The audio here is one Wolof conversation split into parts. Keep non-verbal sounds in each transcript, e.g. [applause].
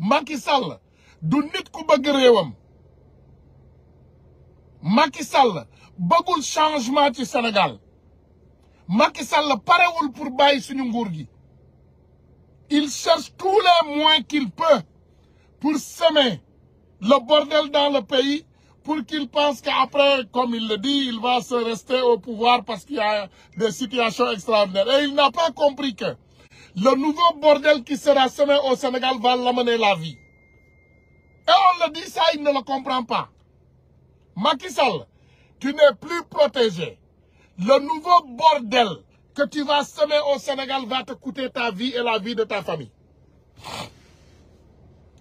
Macky Sall du nit ku bëgg réewam Macky Sall bëggul changement ci Sénégal Macky Sall parewul pour bàyyi suñu nguur gi il cherche tous les moyens qu'il peut pour semer le bordel dans le pays pour qu'il pense qu'après, comme il le dit, il va se rester au pouvoir parce qu'il y a des situations il n'a pas compris que Le nouveau bordel qui sera semé au Sénégal va l'amener la vie. Et on le dit, ça, il ne le comprend pas. Macky tu n'es plus protégé. Le nouveau bordel que tu vas semer au Sénégal va te coûter ta vie et la vie de ta famille.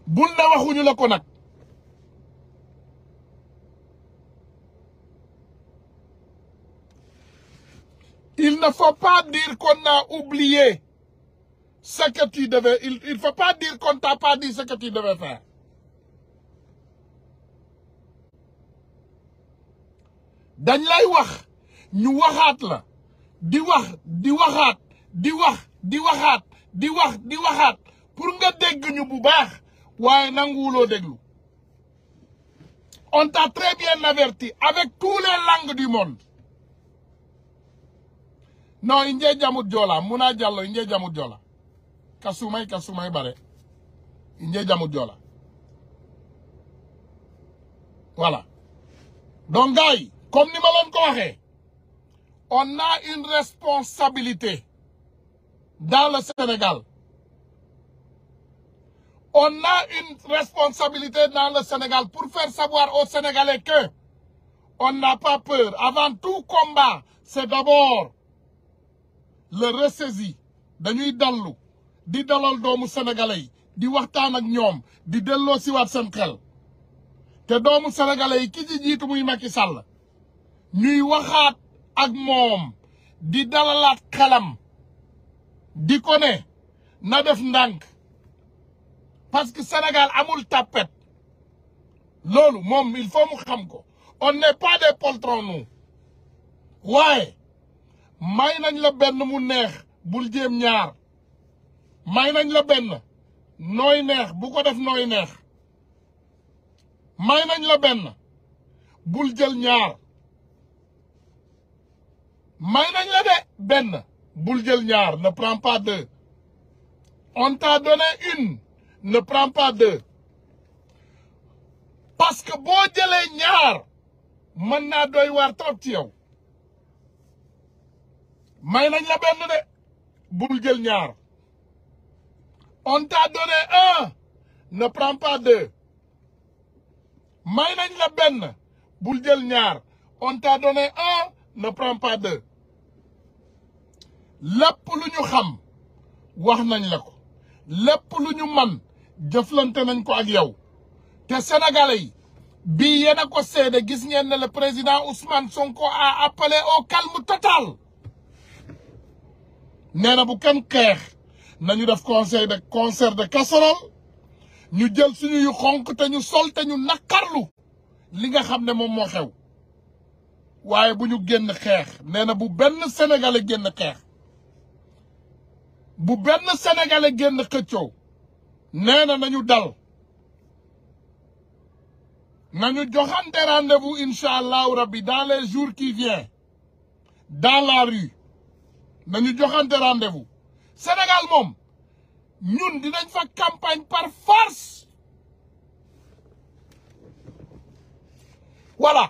bul na waxuñu la ko il ne faut pas dire qu'on a oublié ce que tu devais il il dañ lay wax ñu waxaat la di wax di waxaat di wax di waxaat di wax di waxaat pour nga dégg ñu bu baax waaye nanguwuloo déglu on t'a très bien averti avec toutes les langues du monde non i jamut joola mun naa jàllo i njee jamut joola kasumai kasumai bare nje jamu jola voilà donc gars yi comme ni ma leen ko waxee on a une responsabilité dans le Sénégal on a une responsabilité dans le Sénégal pour faire savoir aux Sénégalais que on n'a pas peur avant tout combat c'est d'abord le ressaisi dañuy dallu di dalal doomu sénégalais yi di waxtaan ak ñoom di delloo siwaat seen xel te doomu sénégalais yi ki ci jiitu muy Macky Sall ñuy waxaat ak moom di dalalaat xelam di ko ne na def ndànk parce que Sénégal amul tapet loolu moom il faut xam ko on n'est pas waaye may nañ la mu neex bul jéem ñaar may nañ la benn nooy neex bu ko def nooy neex may nañ la benn bul jël ñaar may nañ la de benn bul jël ñaar ne prends pas deux une ne prends parce que boo jëlee ñaar mën na doy waar trop ci yow may nañ la benn de bul jël ñaar On t'a donné un. Ne prends may nañ la benn bul jël ñaar on t'a donné un ne prends pas lu ñu xam wax nañ la ko lu ñu man jëflante ko ak yow te sénégalais yi bii yéen ko seede gis ngeen ne le président Ousmane Sonko a appelé au calme total nee na bu kenn xeex nañu def conseil de concert de casserole ñu jël suñu xonq te ñu sol te ñu naqarlu li nga xam ne moom moo xew waaye bu ñu génn xeex nee na bu benn sénégalais génn xeex bu benn sénégalais génn xëccoo nee na nañu dal nañu joxante rendez-vous incha allahu rabbi dans les jours qui viennent dans la rue nañu joxante rendez Sénégal moom ñun dinañ fa campagne par force voilà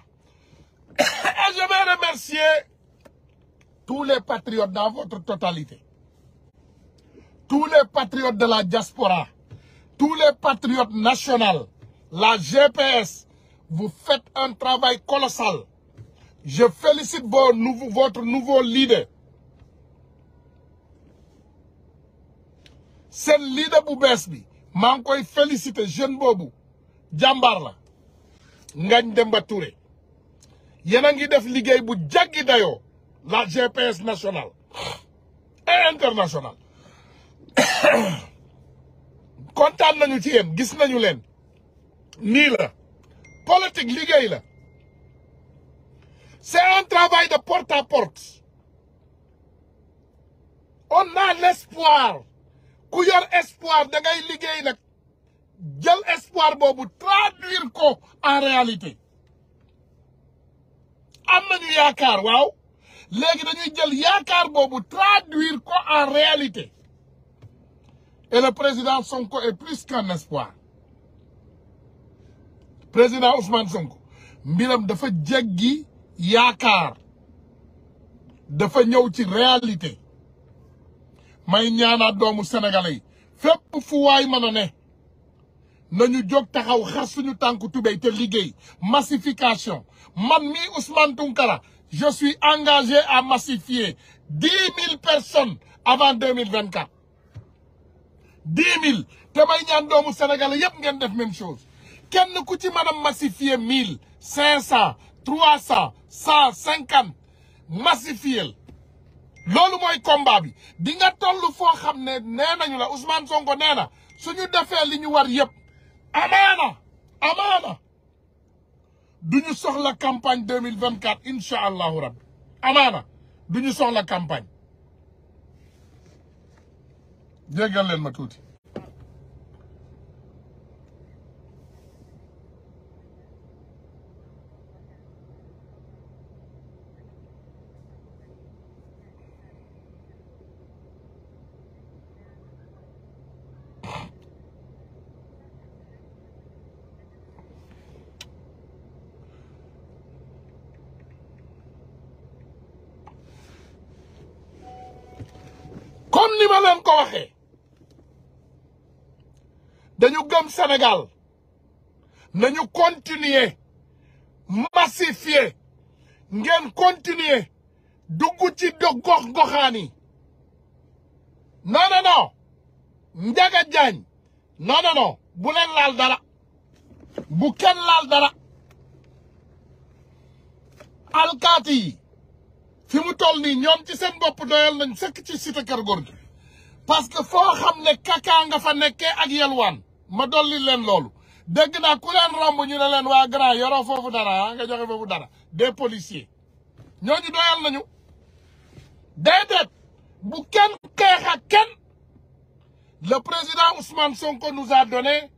[coughs] et je vais remercier tous les patriotes dans votre totalité tous les patriotes de la diaspora tous les patriotes nationaux la GPS vous faites un travail colossal je félicite vos nouveaux votre nouveau leader seen leader bu bees bi maa ngi koy félicité jeune boobu jàmbaar la dem ba Touré yéen a ngi def liggéey bu jaggi dayoo la GPS nationale et internationale [coughs] kontaan nañu ci yéen gis nañu leen nii la politique liggéey la c'est un travail de porte à porte on a l'espoir ku yor espoir da ngay liggéey nag jël espoir boobu traduire ko en réalité am nañu yaakaar waaw léegi dañuy jël yaakaar boobu traduire ko en réalité et président Sonko est plus qu'un espoir président Ousmane Sonko mbiram dafa jéggi yaakaar dafa ñëw ci réalité may ñaanaat doomu sénégalais yi fépp fu waay mën a ne nañu jóg taxaw xas suñu tànku tubéy te liggéey massification man mi Ousmane Tounkara je suis engagé à massifier dix mille personnes avant deux mille vingt quatre dix mille te may ñaan doomu sénégalais yëpp ngeen def même chose kenn ku ci mën a massifier mille cinq cent trois cent cent cinquante massifier loolu mooy combat bi di nga toll foo xam ne nee nañu la Ousmane Sonko nee na suñu defee li ñu war yëpp amaana amaana duñu soxla campagne deux mille vingt quatre incha allahu rabbi amaana duñu soxla campagne jéggal leen ma tuuti comme ni ma leen ko waxee dañu gëm Sénégal nañu continuer massifier ngeen continuer dugg ci dog gox goxaan yi non non bu leen laal dara bu kenn laal dara alkaati fi mu toll nii ñoom ci seen bopp doyal nañ sekk ci Cité Keur parce que foo xam ne kakaa nga fa nekkee ak yelwaan ma dolli leen loolu dégg naa ku leen romb ñu ne leen waa yoro yoroo foofu dara ah, nga joxe foofu dara des policiers ñooñu doyal nañu déedéet bu kenn xeex kenn le président Ousmane Sonko nous a donné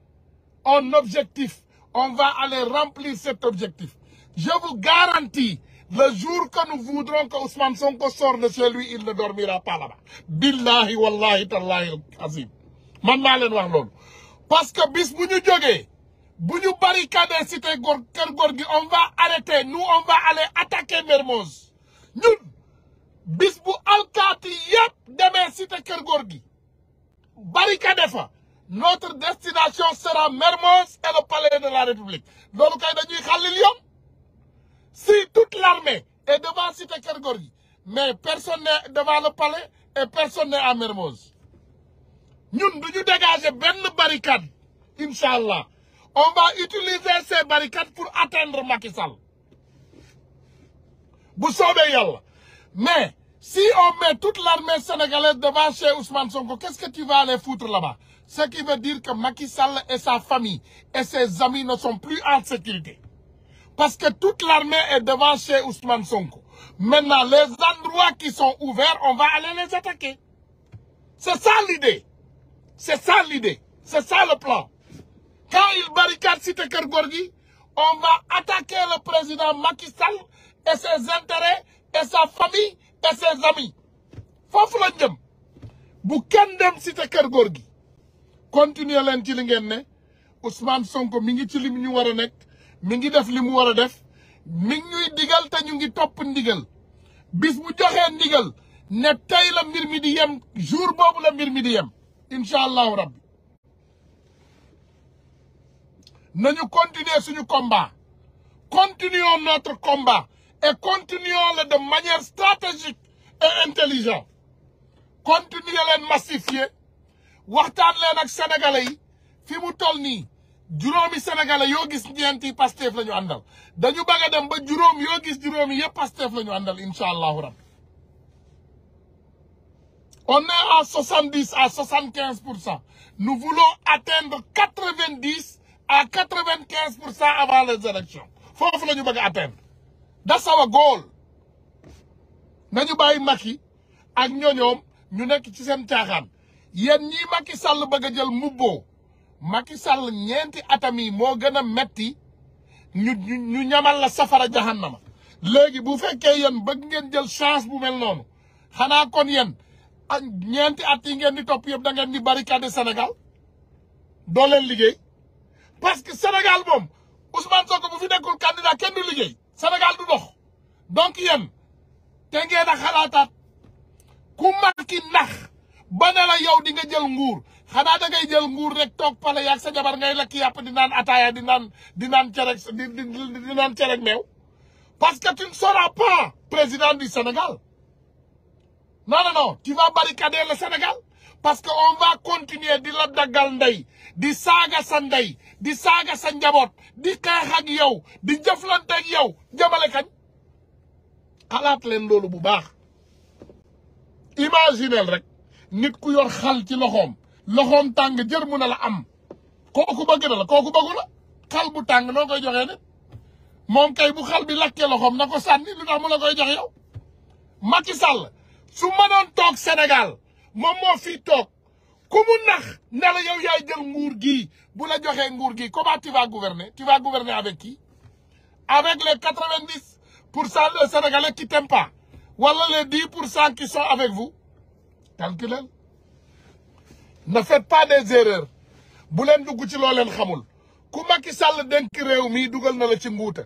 un objectif on va aller remplir cet objectif je vous garantis Le jour que nous voudrons que Ousmane Sonko sorte de chez lui, il ne dormira pas là-bas. Billahi wallahi tallahi man maa leen wax loolu parce bis bu ñu jógee bu ñu barricadé cité góor kër gi on va arrêter nous on va aller attaquer Mermoz ñun bis bu alkaati yëpp demee cité kër góor gi barricadé notre destination sera Mermoz et le palais de la République loolu kay dañuy xàllil yoon Si toute l'armée est devant Cité Kergorgi, mais personne n'est devant le palais et personne n'est à Mermoz. Nous devons dégager une barricade, Inch'Allah. On va utiliser ces barricades pour atteindre Macky Sall. Vous savez, Mais si on met toute l'armée sénégalaise devant chez Ousmane Sonko, qu'est-ce que tu vas aller foutre là-bas Ce qui veut dire que Macky Sall et sa famille et ses amis ne sont plus en sécurité. Parce que toute l'armée est devant chez Ousmane Sonko. Maintenant, les endroits qui sont ouverts, on va aller les attaquer. C'est ça l'idée. C'est ça l'idée. C'est ça le plan. Quand ils barricadent Cité Kergorgi, on va attaquer le président Macky Sall et ses intérêts et sa famille et ses amis. foofu lañ jëm bu kenn dem Cité Kër Góor gi continuer leen ci li ngeen ne Ousmane Sonko mi ngi ci lim ñu war a nekk mi ngi def li mu war a def mi ngi ñuy digal te ñu ngi topp ndigal bis bu joxee ndigal ne tey la mbir mi di yem jour boobu la mbir mi di yem incha allahu rabbi nañu continuer suñu combat continuons notre combat et continuons-le de manière stratégique et intelligente continuer leen massifier waxtaan leen ak sénégalais fi mu toll nii juróomi sénégalais yoo gis ñeenti Pastef la ñu àndal dañu bëgg a dem ba juróom yoo gis juróomi yëpp Pastef la ñu àndal incha allahu rabbi on est à soixante dix à soixante quinze pour cent nous voulons atteindre quatre vingt dix à quatre vingt quinze pour cent avant les élections foofu la ñu bëgg a atteindre that's our nañu bàyyi Macky ak ñoñoom ñu nekk ci seen caaxaan yéen ñii Macky Sall bëgg a jël mubboo Macky Sall ñeenti atami yi moo gën a metti ñu ñu ñamal la safara jahannama léegi bu fekkee yéen bëgg ngeen jël chance bu mel noonu xanaa kon yéen ak ah, ñeenti at yi ngeen di topp yëpp da ngeen di barricade senegal doo leen liggéey parce que Sénégal moom Ousmane Sonko bu fi nekkul candidat kenn du liggéey Sénégal du dox donc yéen te ngeen a xalaataat ku Macky nax ba ne la yow di nga jël nguur xanaa da ngay jël nguur rek toog pale yaag sa jabar ngay lekk yàpp di naan ataaya di naan di naan cere di di naan cere meew parce que tu ne président du Sénégal non non non tu Sénégal parce que on va continuer di la daggal ndey di saaga sa ndey di saaga sa njaboot di xeex ak yow di jëflante ak yow jëmale kañ xalaat leen loolu bu baax imaginel rek nit ku yor xal ci loxoom loxoom tàng jër mu na la am kooku bëgg na la kooku bëggu la xal bu tàng noo koy joxee nit moom kay bu xal bi lakkee loxoom na ko sànni lu tax mu la koy joxe yow Macky Sall su mënoon toog Sénégal moom moo fii toog ku mu nax ne la yow yaay jël nguur gii bu la joxee nguur gi comment tu vas gouverner tu fa gouverner avec qui avec les quatre-vingt-dix pour cent des Sénégalais qui t'aiment pas wala pour cent qui sont avec vous na fet pas des erreurs bu leen dugg ci loo leen xamul ku Macky Sall dénk réew mii dugal na la ci nguuta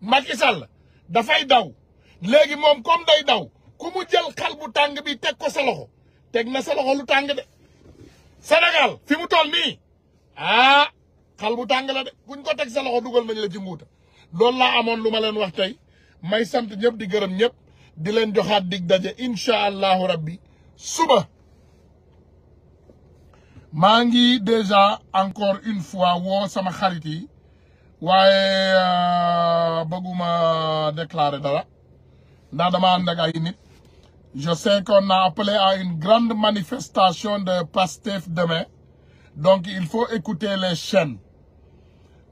Macky Sall dafay daw léegi moom comme day daw ku mu jël xal bu tàng bi teg ko sa loxo teg na sa loxo lu tàng de Sénégal fi mu toll nii ah xal bu tàng la de kuñ ko teg sa loxo dugal nañu la ci nguuta loolu laa amoon lu ma leen wax tey may sant ñëpp di gërëm ñëpp di leen joxaat digg daje incha allahu rabbi suba maa ngi déjà encore une fois woo sama xarit yi waaye euh, bëgguma déclarer dara ndax dama ànd ak ay nit je sais qu'on a appelé à une grande manifestation de Pastef demain donc il faut écouter les chaînes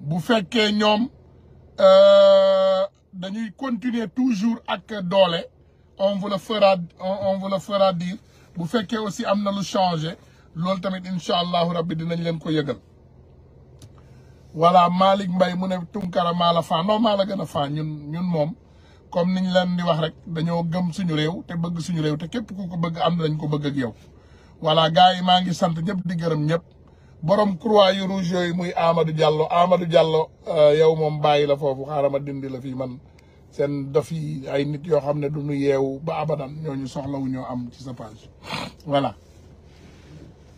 bu fekkee ñoom euh, dañuy continuer toujours ak doole on vous le fera on vous le fera dire bu fekkee aussi am na lu changer loolu tamit incha allahu rabbi dinañ leen ko yëgal voilà Malick mbay mu ne Tunkara maa la faa non maa gën a faa ñun ñun moom comme niñ leen di wax rek dañoo gëm suñu réew te bëgg suñu réew te képp ku ko bëgg am dañ ko bëgg ak yow. voilà gars yi maa ngi sant ñëpp di gërëm ñëpp borom croix yu rouge yooyu muy Amadou Diallo Amadou Diallo euh, yow moom bàyyi la foofu xaaral ma dindi la fii man seen dof ay nit yoo xam ne du ñu yeewu ba abadan soxlawu ñoo am ci sa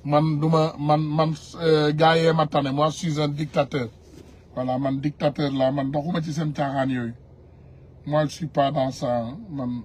man duma man man euh, gars yee ma tane moi je suis un dictateur voilà man dictateur la man ma ci seen caaxaan yooyu moi je suis pas dans man.